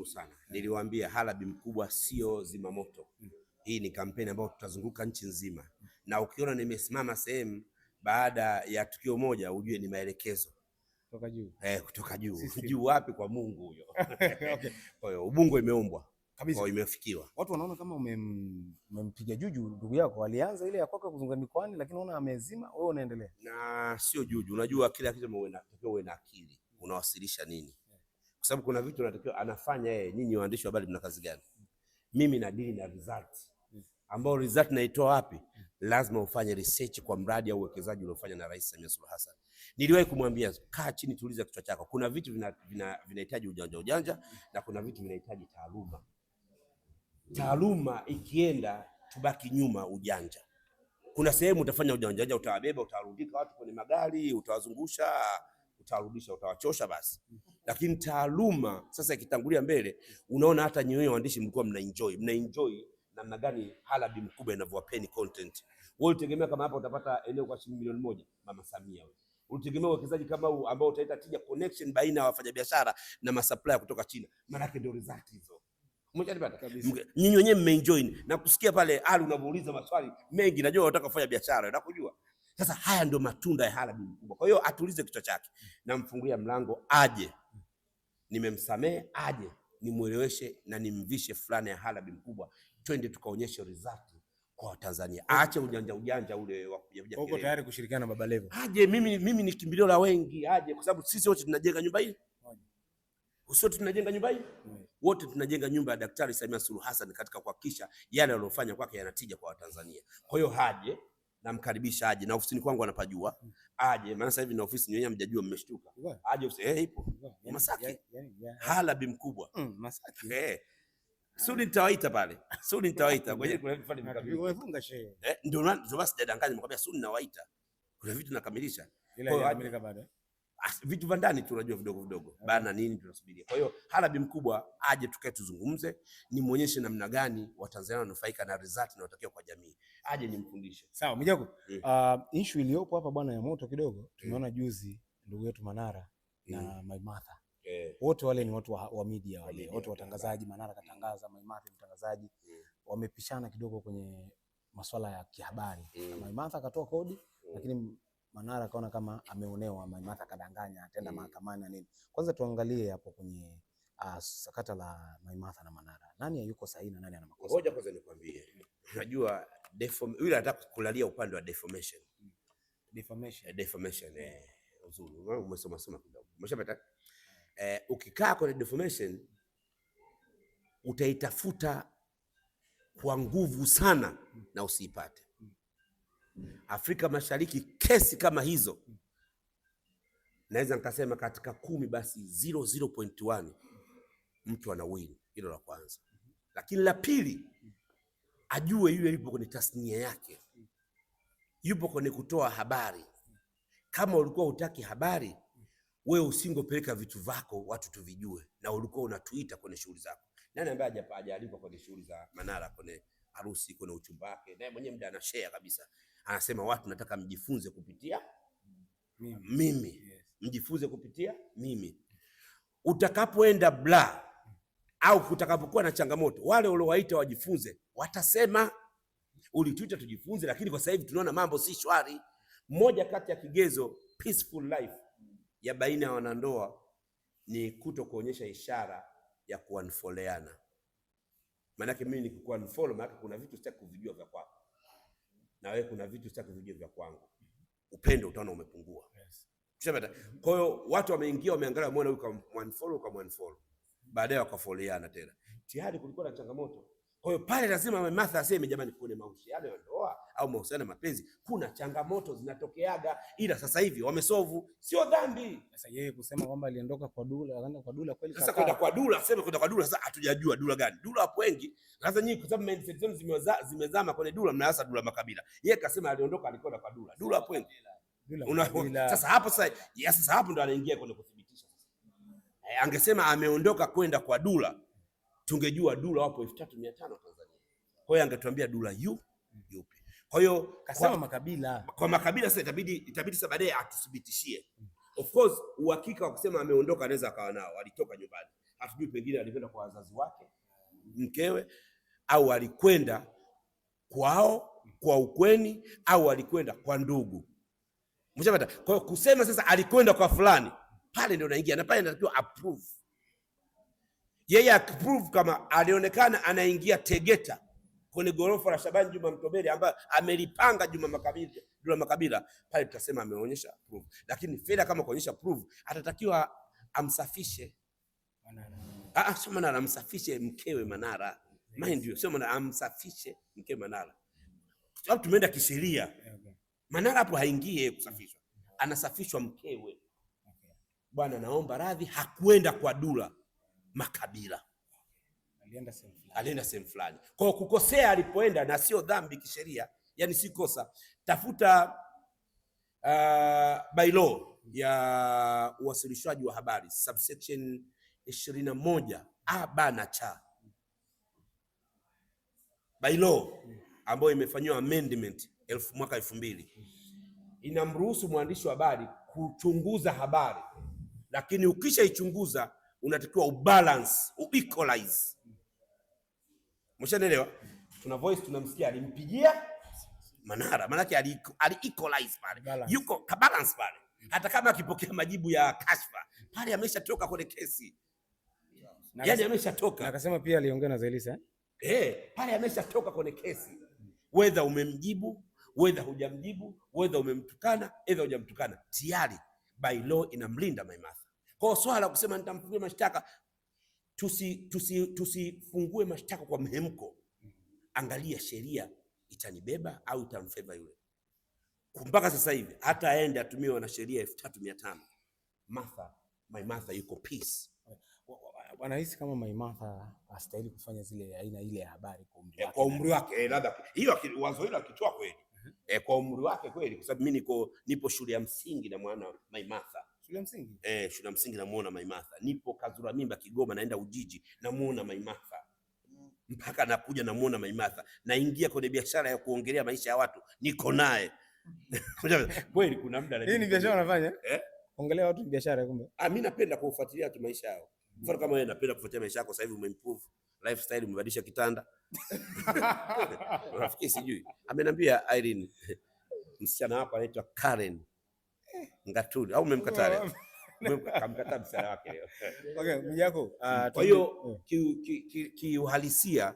nashukuru sana yeah. Niliwaambia halabi mkubwa sio zimamoto mm. Hii ni kampeni ambayo tutazunguka nchi nzima mm. Na ukiona nimesimama sehemu baada ya tukio moja, ujue ni maelekezo kutoka juu eh, kutoka juu juu wapi? Kwa Mungu huyo. Kwa hiyo Ubungo imeumbwa kabisa, imefikiwa. Watu wanaona kama umempiga ume Juju ndugu yako, alianza ile ya kwako kuzunguka mikoani, lakini unaona amezima, wewe unaendelea. Na sio Juju, unajua kila kitu uwe na akili, unawasilisha nini kwa sababu kuna vitu natakiwa anafanya yeye. Nyinyi waandishi wa habari mna kazi gani? Mimi na dili na result, ambao result naitoa wapi? Lazima ufanye research kwa mradi au uwekezaji uliofanya na Rais Samia Suluhu Hassan. Niliwahi kumwambia kaa chini, tuliza kichwa chako. Kuna vitu vinahitaji vina, vina ujanja ujanja na kuna vitu vinahitaji taaluma. Taaluma ikienda tubaki nyuma ujanja. Kuna sehemu utafanya ujanja ujanja, utawabeba, utawarudika watu kwenye magari, utawazungusha, utawarudisha, utawachosha basi lakini taaluma sasa ikitangulia mbele, unaona hata nyewe waandishi mlikuwa mna enjoy, mna enjoy namna gani Halabi mkubwa inavyowapeni content. Wewe ulitegemea kama hapa utapata eneo kwa shilingi milioni moja, mama Samia wewe. Ulitegemea uwekezaji kama huu ambao utaleta tija connection baina ya wafanyabiashara na masupplier kutoka China. Maana yake ndio result hizo. Umeshanipata? Nyinyi wenyewe mmeenjoy na kusikia pale hali unavyouliza maswali mengi, najua unataka kufanya biashara, nakujua. Sasa haya ndio matunda ya Halabi mkubwa. Kwa hiyo atulize kichwa chake, namfungulia mlango aje nimemsamehe aje nimweleweshe na nimvishe fulana ya halabi mkubwa, twende tukaonyeshe result kwa Watanzania. Aache ujanja ujanja ule wa kuja. Uko tayari kushirikiana na Baba Levo? Aje, mimi mimi ni kimbilio la wengi, aje kwa sababu sisi wote tunajenga nyumba hii sote tunajenga nyumba hii mm. Wote tunajenga nyumba ya Daktari Samia Suluhu Hassan katika kuhakikisha yale aliyofanya kwake yanatija kwa Watanzania. Kwa hiyo haje namkaribisha aje na ofisini kwangu anapajua hmm. aje, maana sasa hivi na ofisi nyenye mjajua, mmeshtuka aje ofisi eh, ipo Masaki, halabi mkubwa hmm, Masaki eh Sudi nitawaita pale. Sudi nitawaita. Kwa hiyo kuna vitu fulani mkabili. Umefunga shehe. Eh, ndio ndio basi dadanganya mkwambia Sudi nawaita. Kuna vitu nakamilisha. Ila inakamilika bado. Eh? vitu vya ndani tunajua vidogo vidogo, bana nini tunasubiria. Kwa hiyo halabi mkubwa aje, tukae tuzungumze, nimuonyeshe namna gani Watanzania wanufaika na result na watakiwa kwa jamii, aje nimfundishe. Sawa Mwijaku, yeah. Mm. Uh, issue iliyopo hapa bwana ya moto kidogo mm. tumeona yeah. Juzi ndugu yetu Manara yeah. na mm. Maimartha eh. wote yeah. wale ni watu wa, wa media wale wote watangazaji. Manara katangaza, Maimartha mtangazaji yeah. wamepishana kidogo kwenye masuala ya kihabari yeah. Maimartha akatoa kodi yeah. lakini Manara akaona kama ameonewa, Maimata kadanganya, atenda eh. mahakamani na nini. Kwanza tuangalie hapo kwenye uh, sakata la Maimartha na Manara, nani yuko sahihi na nani ana makosa? Ngoja kwanza nikwambie, unajua deform yule anataka kulalia upande wa deformation, deformation, eh, deformation eh, uzuri wewe umesoma soma kidogo, umeshapata eh. Ukikaa kwenye deformation utaitafuta kwa nguvu sana na usiipate Afrika Mashariki kesi kama hizo naweza nikasema katika kumi basi 0.1 mtu ana anawini. Hilo la kwanza, lakini la pili, ajue yule yupo kwenye tasnia yake, yupo kwenye kutoa habari. Kama ulikuwa hutaki habari, wewe usingopeleka vitu vako watu tuvijue, na ulikuwa unatuita kwenye shughuli zako. Nani ambaye hajaalikwa kwenye shughuli za Manara, kwenye harusi, kwenye uchumba wake, naye mwenyewe mda share kabisa anasema watu nataka mjifunze kupitia mimi, mimi. Yes. Mjifunze kupitia mimi. Utakapoenda bla au kutakapokuwa na changamoto, wale uliowaita wajifunze watasema ulituita tujifunze, lakini kwa sasa hivi tunaona mambo si shwari. Moja kati ya kigezo peaceful life ya baina ya wanandoa ni kuto kuonyesha ishara ya kuanfoleana. Maanake mimi nikikuanfollow, maanake kuna vitu sitaki kuvijua vya kwako na wewe kuna vitu sitaki vijue vya kwangu, upendo utaona umepungua. Yes. Kwa hiyo watu wameingia, wameangalia, umeona huyu kama unfollow kama unfollow, baadaye wakafollowiana tena, tayari kulikuwa na changamoto kwa hiyo pale lazima Mama Martha aseme jamani, kuna mahusiano ya ndoa au mahusiano ya mapenzi, kuna changamoto zinatokeaga, ila sasa hivi wamesovu, sio dhambi. Sasa yeye kusema kwamba aliondoka kwa Dula, akaenda kwa Dula kweli. Sasa kwenda kwa Dula, aseme kwenda kwa Dula, sasa hatujajua Dula gani? Dula wapo wengi. Sasa nyinyi kwa sababu mindset zenu zimezama kwenye Dula, mnaasa Dula makabila. Yeye kasema aliondoka, alikwenda kwa Dula. Dula wapo wengi. Sasa hapo sasa, sasa hapo ndo anaingia kwenye kuthibitisha. Eh, angesema ameondoka kwenda kwa Dula tungejua dula wapo 3500 tatu mia tano Tanzania. Kwa hiyo angetuambia dula yu yupi. Kwa hiyo kwa makabila, kwa makabila sasa itabidi itabidi sasa baadaye atuthibitishie. Of course uhakika wa kusema ameondoka anaweza akawa nao, alitoka nyumbani, hatujui, pengine alikwenda kwa wazazi wake, mkewe, au alikwenda kwao kwa ukweni, au alikwenda kwa ndugu. Mshapata? Kwa hiyo kusema sasa alikwenda kwa fulani, pale ndio naingia na pale natakiwa approve yeye akiprove kama alionekana anaingia Tegeta kwenye gorofa la Shabani Juma Mtobeli ambaye amelipanga Juma Makabila, Juma Makabila pale, tutasema ameonyesha proof. Lakini Fella kama kuonyesha proof, atatakiwa amsafishe Manara. Ah, ah, sio Manara, amsafishe mkewe Manara, mind you, sio Manara, amsafishe mkewe Manara, sababu tumeenda kisheria. Manara hapo haingie kusafishwa, anasafishwa mkewe. Bwana, naomba radhi, hakuenda kwa Dula makabila. Alienda sehemu fulani, kwa kukosea alipoenda, na sio dhambi kisheria, yani si kosa. Tafuta uh, bailo ya uwasilishwaji wa habari subsection ishirini na moja a b na cha bailo ambayo imefanyiwa amendment elfu mwaka elfu mbili inamruhusu mwandishi wa habari kuchunguza habari, lakini ukishaichunguza unatakiwa ubalance, uequalize. Mshanelewa? Tuna voice tunamsikia alimpigia Manara, Manake ali ali equalize pale, yuko kabalance pale, hata kama akipokea majibu ya kashfa pale ameshatoka kwenye kesi, yaani ameshatoka. Na akasema pia aliongea na Zaiylisa eh? eh, pale ameshatoka kwenye kesi, wedha umemjibu wedha hujamjibu, wedha umemtukana, edha hujamtukana, tayari by law inamlinda my mother. Kwa swala kusema nitamfungulia mashtaka, tusi tusi, tusifungue mashtaka kwa mhemko. Angalia sheria itanibeba au itamfeva yule. Mpaka sasa hivi hata aende atumie wanasheria elfu tatu mia tano Martha, Martha yuko peace wanahisi kama Maimatha astahili kufanya zile aina ile ya habari kwa umri eh, wake. Kwa umri wake eh, labda hiyo wazo hilo akitoa kweli. Mhm. Eh, kwa umri wake kweli, kwa sababu mimi niko nipo shule ya msingi na mwana Maimatha shule msingi eh, shule msingi namuona Maimartha, nipo Kazura mimba Kigoma, naenda Ujiji namuona Maimartha mpaka nakuja namuona Maimartha, naingia kwenye biashara ya kuongelea maisha ya watu, niko naye kweli. Kuna muda hii ni biashara unafanya eh, ongelea watu biashara. Kumbe ah, mimi napenda kufuatilia tu maisha yao. Mfano kama wewe napenda kufuatilia maisha yako, sasa hivi umeimprove lifestyle, umebadilisha kitanda rafiki sijui amenambia Irene, msichana hapa anaitwa Karen Ngatuli au umemkatale? Kamkataa msala wake leo. Okay, Mwijaku. Ah, mm. Kwa hiyo kiuhalisia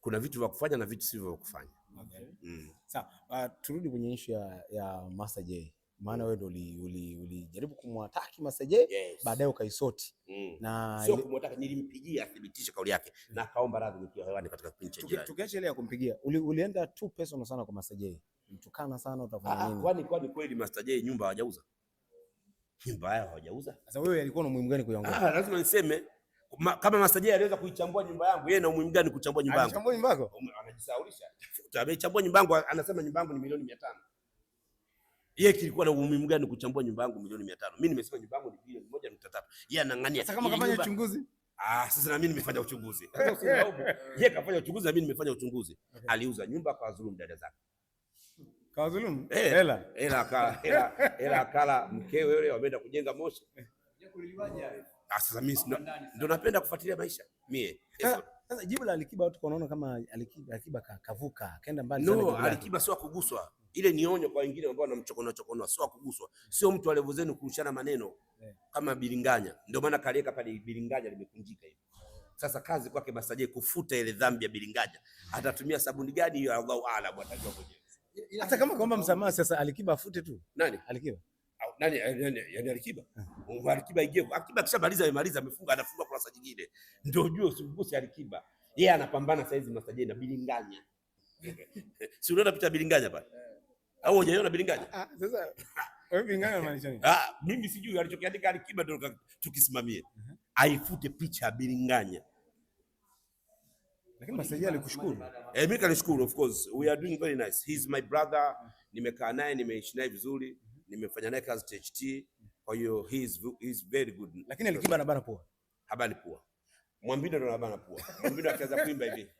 kuna vitu vya kufanya na vitu sivyo vya kufanya. Okay. Mm. Sawa, uh, turudi kwenye issue ya, ya Master J maana wewe ndio ulijaribu kumwataki Master J yes. Baadaye ukaisoti mm. na sio kumwataka, nilimpigia athibitishe kauli yake na akaomba radhi nikiwa hewani katika kipindi cha jana. Tukiacha ile ya kumpigia, ulienda tu personal sana kwa Master J mtukana sana utafanya ah, nini? Kwani kwani kweli Master J nyumba hawajauza? Nyumba yao hawajauza. Sasa wewe alikuwa na umuhimu gani kuiangua? Ah, lazima niseme Ma, kama Master J aliweza kuichambua nyumba yangu, yeye na umuhimu gani kuchambua nyumba yangu? Anachambua nyumba yako? Anajisahulisha. Tafuta, amechambua nyumba yangu, anasema nyumba yangu ni milioni 500. Yeye kilikuwa na umuhimu gani kuchambua nyumba yangu milioni 500? Mimi nimesema nyumba yangu ni bilioni 1.3. Yeye anang'ania. Sasa kama kafanya uchunguzi? Ah, sasa na mimi nimefanya uchunguzi. Sasa usinilaumu. Yeye kafanya uchunguzi na mimi nimefanya uchunguzi. Aliuza nyumba kwa dhulumu dada zake. Kawazulumu eh, hela hela kala mkewe yule, wameenda kujenga Moshi. Ah, sasa mimi ndo napenda kufuatilia maisha mie. Sasa jibu la Alikiba watu wanaona kama Alikiba, Alikiba kavuka kaenda mbali sana. No, Alikiba sio kuguswa, ile ni onyo kwa wengine ambao wanamchokonoa chokonoa, sio kuguswa, sio mtu alevu zenu kurushana maneno eh. kama bilinganya. Ndio maana kaliweka pale bilinganya limekunjika hivi. Sasa kazi kwake Basaje kufuta ile dhambi ya bilinganya, atatumia sabuni gani hiyo? Allahu a'lam, atajua mwenyewe. Hata kama kaomba msamaha sasa, Alikiba afute tu. Nani? Alikiba. Nani, eh, nani, yani Alikiba? Eh. Alikiba ige. Alikiba kishamaliza amemaliza amefunga anafunga kurasa nyingine. Ndio ujue usimguse Alikiba. Yeye anapambana saizi na J na Bilinganya. Si unaona pita Bilinganya pale? Eh. Au hujaiona Bilinganya? Ah, sasa wewe Bilinganya unamaanisha nini? Ah, mimi sijui alichokiandika Alikiba ndio tukisimamie. Uh-huh. Aifute picha Bilinganya. Lakini Masai alikushukuru. Eh, mimi kanishukuru of course. We are doing very nice. He is my brother. Nimekaa naye, nimeishi naye vizuri, nimefanya naye kazi THT. Kwa hiyo he is he is very good. Lakini alikiba na bana poa. Habari poa. Mwambido ndo na bana poa. Mwambido akaanza kuimba hivi.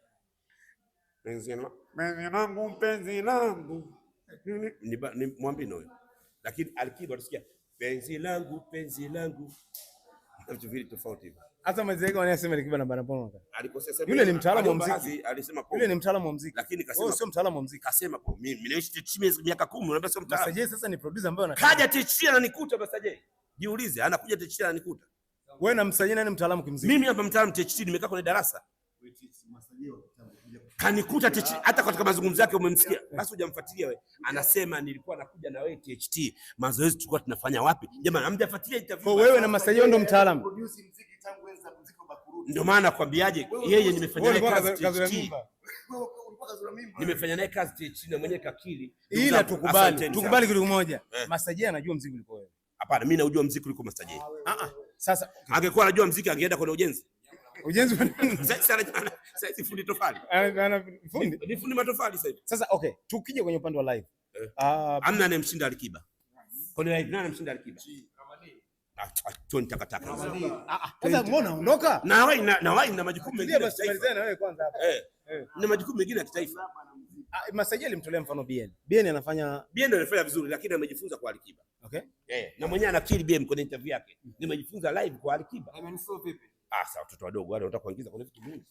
Mpenzi wangu, mpenzi wangu. Ni ni Mwambido Lakini alikiba tusikia penzi langu, penzi langu. Vitu vile tofauti hivyo. Hata mwenzake anasema ni kibana bana pono. Alikosema yule ni mtaalamu wa muziki. Alisema pono. Yule ni mtaalamu wa muziki. Lakini oh, kasema sio mtaalamu wa muziki. Kasema kwa Mimi nimeishi Tichime miaka 10, unaambia sio mtaalamu. Basaje sasa ni producer ambaye anataka. Kaja Tichime ananikuta Basaje. Jiulize, anakuja Tichime ananikuta. Wewe na Msaje nani mtaalamu kimuziki? Mimi hapa mtaalamu Tichime nimekaa kwenye darasa. Kanikuta Tichime hata katika mazungumzo yake umemsikia. Basi hujamfuatilia wewe. Anasema nilikuwa nakuja na wewe THT. Mazoezi tulikuwa tunafanya wapi? Jamani, hamjafuatilia interview. Kwa wewe na Masaje ndio mtaalamu. Producer muziki ndio maana nakwambiaje, yeye nimefanya kazi nimefanya naye kazi THT na mwenyewe kakiri, ila tukubali tukubali kitu kimoja, eh. Masajia anajua mziki kuliko wewe. Hapana, mimi naujua mziki kuliko Masajia. Ah, ah ah, sasa angekuwa anajua mziki angeenda kwenye ujenzi ujenzi. Sasa hivi fundi tofali ana fundi ni fundi matofali sasa hivi. Sasa okay, tukija kwenye upande wa live, eh. amna anemshinda Alikiba kwenye live, nani anemshinda Alikiba? Achoni takataka. Ah, ah. Sasa mbona unaondoka? Na wewe na wewe na majukumu mengine Basi kitaifa. Na wewe kwanza hapa. Eh. eh. Na majukumu mengine ya kitaifa. Ah, Masajili alimtolea mfano BN. BN anafanya BN ndio anafanya vizuri lakini amejifunza kwa Alikiba. Okay? Eh, na mwenyewe anakiri BN kwenye interview yake. Nimejifunza live kwa Alikiba. Amenisoa vipi? Ah, sasa watoto wadogo wale wanataka kuingiza kwenye vitu vingi.